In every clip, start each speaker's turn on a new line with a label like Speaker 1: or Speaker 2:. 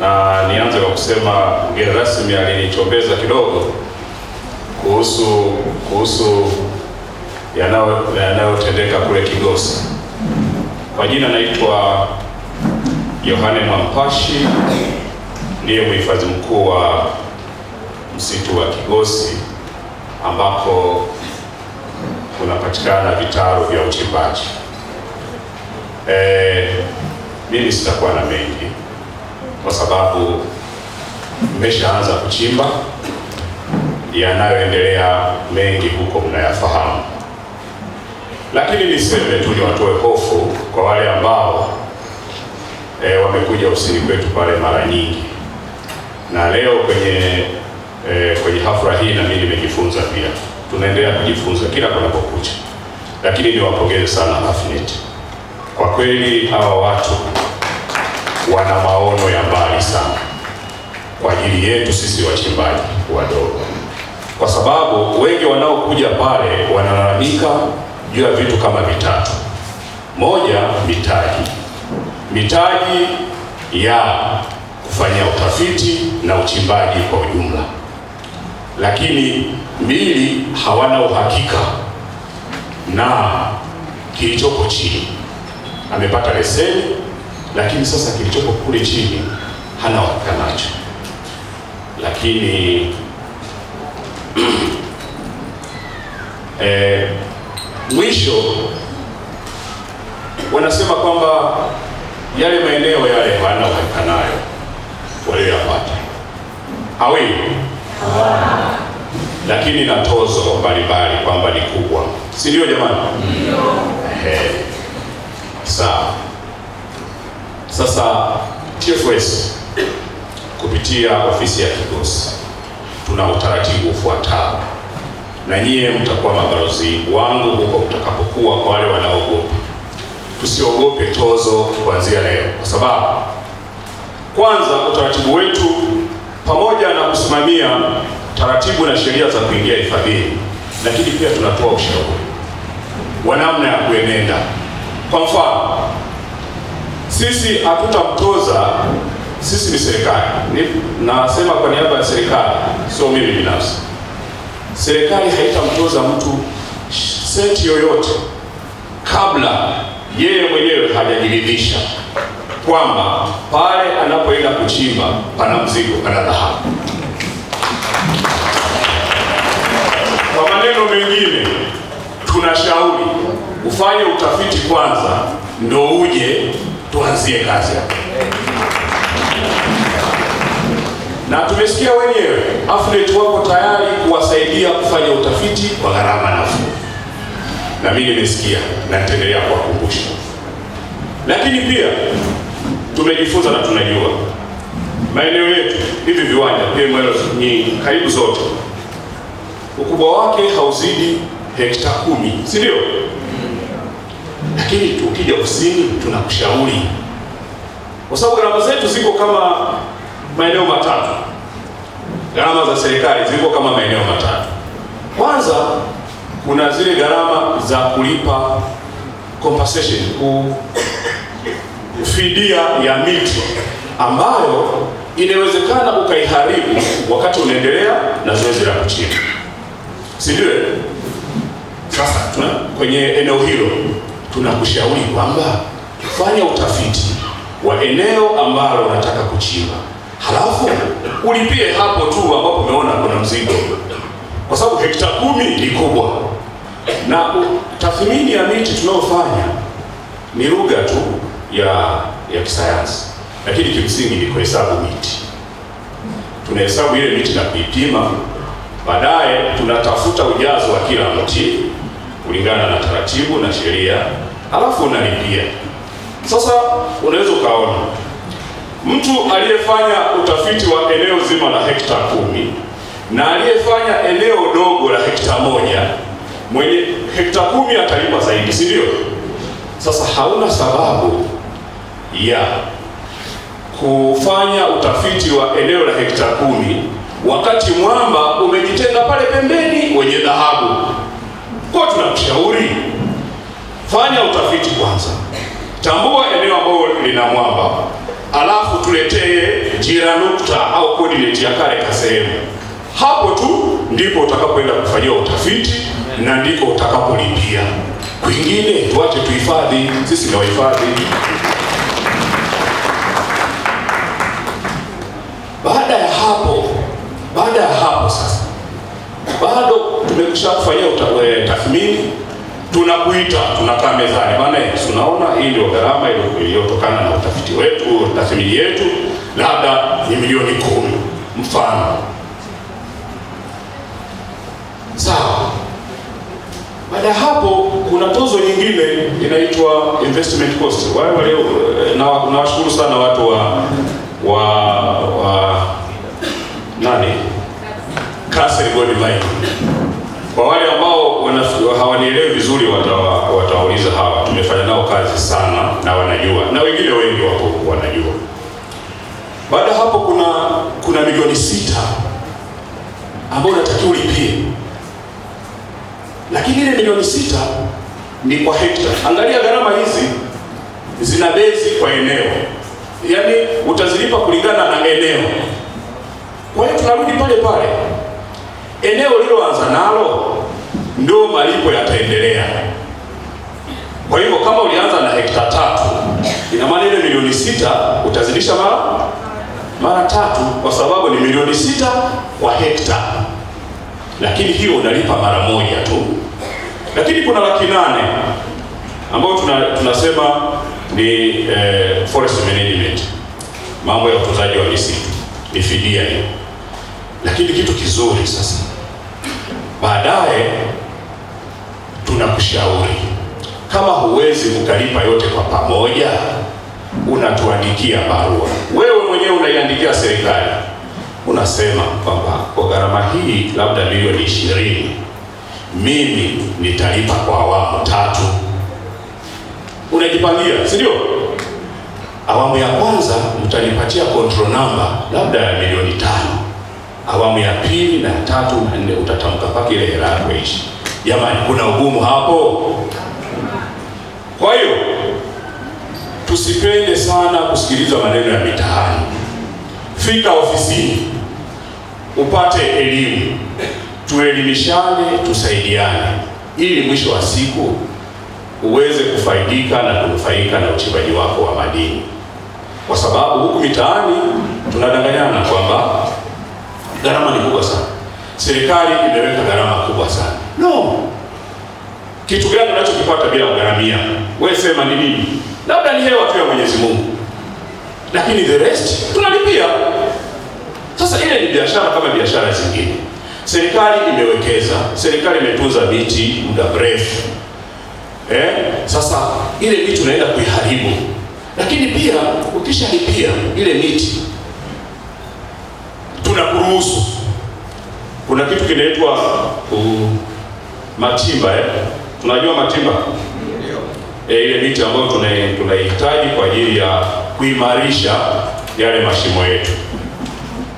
Speaker 1: na nianze kwa kusema mgeni rasmi alinichombeza kidogo kuhusu kuhusu yanayotendeka kule Kigosi. Kwa jina naitwa Yohane Mwampashi, ndiye mhifadhi mkuu wa msitu wa Kigosi ambapo kunapatikana vitalu vya uchimbaji. E, mimi sitakuwa na mengi kwa sababu mmeshaanza kuchimba, yanayoendelea mengi huko mnayafahamu, lakini niseme tu, niwatoe hofu kwa wale ambao e, wamekuja ofisini kwetu pale mara nyingi, na leo kwenye e, kwenye hafla hii na mimi nimejifunza pia, tunaendelea kujifunza kila kunapokucha, lakini niwapongeze sana AFNet kwa kweli hawa watu wana maono ya mbali sana kwa ajili yetu sisi wachimbaji wadogo, kwa sababu wengi wanaokuja pale wanalalamika juu ya vitu kama vitatu. Moja, mitaji, mitaji ya kufanyia utafiti na uchimbaji kwa ujumla, lakini mbili, hawana uhakika na kilichopo chini. Amepata leseni lakini sasa kilichoko kule chini hana uhakika nacho, lakini eh, mwisho wanasema kwamba yale maeneo yale hana uhakika nayo walioyapata hawi lakini na tozo mbalimbali kwamba ni kubwa, si ndio jamani? Ndio. Eh, sawa. Sasa TFS kupitia ofisi ya Kigosi tuna utaratibu ufuatao, na nyie mtakuwa mabalozi wangu huko mtakapokuwa. Kwa wale wanaogopa, tusiogope tozo kuanzia leo, kwa sababu kwanza utaratibu wetu pamoja na kusimamia taratibu na sheria za kuingia hifadhini, lakini pia tunatoa ushauri wa namna ya kuenenda. Kwa mfano sisi hatutamtoza, sisi ni serikali. Nasema kwa niaba ya serikali, sio mimi binafsi. Serikali haitamtoza mtu senti yoyote kabla yeye mwenyewe hajajiridhisha kwamba pale anapoenda kuchimba pana mzigo, pana dhahabu. Kwa maneno mengine, tunashauri ufanye utafiti kwanza, ndo uje tuanzie kazi hapa, na tumesikia wenyewe Afnet wako tayari kuwasaidia kufanya utafiti kwa gharama nafuu, na mimi nimesikia na nitaendelea kuwakumbusha. Lakini pia tumejifunza na tunajua maeneo yetu, hivi viwanja ni karibu zote, ukubwa wake hauzidi hekta kumi, si ndio? Lakini tukija ofisini tunakushauri, kwa sababu gharama zetu ziko kama maeneo matatu. Gharama za serikali ziko kama maeneo matatu. Kwanza kuna zile gharama za kulipa compensation, kufidia ya miti ambayo inawezekana ukaiharibu wakati unaendelea na zoezi la kuchimba, si ndio? Sasa tuna kwenye eneo hilo tunakushauri kwamba fanya utafiti wa eneo ambalo unataka kuchimba, halafu ulipie hapo tu ambapo umeona kuna mzigo, kwa sababu hekta kumi ni kubwa, na tathmini ya miti tunayofanya ni lugha tu ya ya kisayansi, lakini kimsingi ni kuhesabu miti. Tunahesabu ile miti na kuipima, baadaye tunatafuta ujazo wa kila mti kulingana na taratibu na sheria, alafu unalipia. Sasa unaweza ukaona mtu aliyefanya utafiti wa eneo zima la hekta kumi na aliyefanya eneo dogo la hekta moja, mwenye hekta kumi atalipa zaidi, si ndio? Sasa hauna sababu ya kufanya utafiti wa eneo la hekta kumi wakati mwamba umejitenga pale pembeni wenye dhahabu. Kwa tunamshauri fanya utafiti kwanza, tambua eneo ambalo lina mwamba, alafu tuletee jira nukta au coordinate ya kale ka sehemu. Hapo tu ndipo utakapoenda kufanyia utafiti na ndipo utakapolipia. Kwingine tuache tuhifadhi, sisi ndio wahifadhi. Baada ya hapo, baada ya hapo sasa bado tumekishafanyia eh, tathmini, tunakuita, tunakaa mezani maana tunaona hii ndio gharama iliyotokana na utafiti wetu, tathmini yetu, labda ni milioni kumi mfano sawa. Baada ya hapo, kuna tozo nyingine inaitwa investment cost. Wale eh, na nawashukuru sana watu wa wa, wa nani Kasri Gold Mine hawanielewi vizuri, watawauliza hawa. Tumefanya nao kazi sana na wanajua, na wengine wengi wapo wanajua. Baada hapo, kuna kuna milioni sita ambayo unatakiwa ulipie, lakini ile milioni sita ni kwa hekta. Angalia gharama hizi zina bezi kwa eneo, yaani utazilipa kulingana na eneo. Kwa hiyo tunarudi pale pale eneo liloanza nalo ndio malipo yataendelea. Kwa hivyo kama ulianza na hekta tatu, ina maana ile milioni sita utazidisha mara mara tatu, kwa sababu ni milioni sita kwa hekta, lakini hiyo unalipa mara moja tu. Lakini kuna laki nane ambayo tuna, tunasema ni eh, forest management, mambo ya utunzaji wa misitu, ni fidia hiyo. Lakini kitu kizuri sasa, baadaye tunakushauri kama huwezi kukalipa yote kwa pamoja, unatuandikia barua. Wewe mwenyewe unaiandikia serikali, unasema kwamba kwa gharama hii labda milioni ishirini mimi nitalipa kwa awamu tatu. Unajipangia, si ndio? Awamu ya kwanza mtanipatia control number labda ya milioni tano. Awamu ya pili na ya tatu na nne utatamka mpaka ile hela yako ishi. Jamani, kuna ugumu hapo? Kwa hiyo tusipende sana kusikiliza maneno ya mitaani. Fika ofisini upate elimu, tuelimishane, tusaidiane, ili mwisho wa siku uweze kufaidika na kunufaika na uchimbaji wako wa madini, kwa sababu huku mitaani tunadanganyana kwamba gharama ni kubwa sana. Serikali imeweka gharama kubwa sana No, kitu gani unachokipata bila kugharamia? Wewe sema ni nini? Labda ni hewa tu ya Mwenyezi Mungu, lakini the rest tunalipia. Sasa ile ni biashara kama biashara zingine. Serikali imewekeza, serikali imetunza miti muda mrefu eh? Sasa ile miti unaenda kuiharibu, lakini pia ukishalipia ile miti tunakuruhusu. Kuna kitu kinaitwa uh, matimba eh? Tunajua matimba e, ile miti ambayo tunaihitaji kwa ajili ya kuimarisha yale mashimo yetu.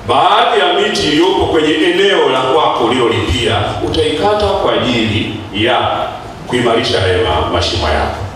Speaker 1: Baadhi ya miti iliyopo kwenye eneo la kwako uliolipia utaikata kwa ajili ya kuimarisha yale mashimo yako.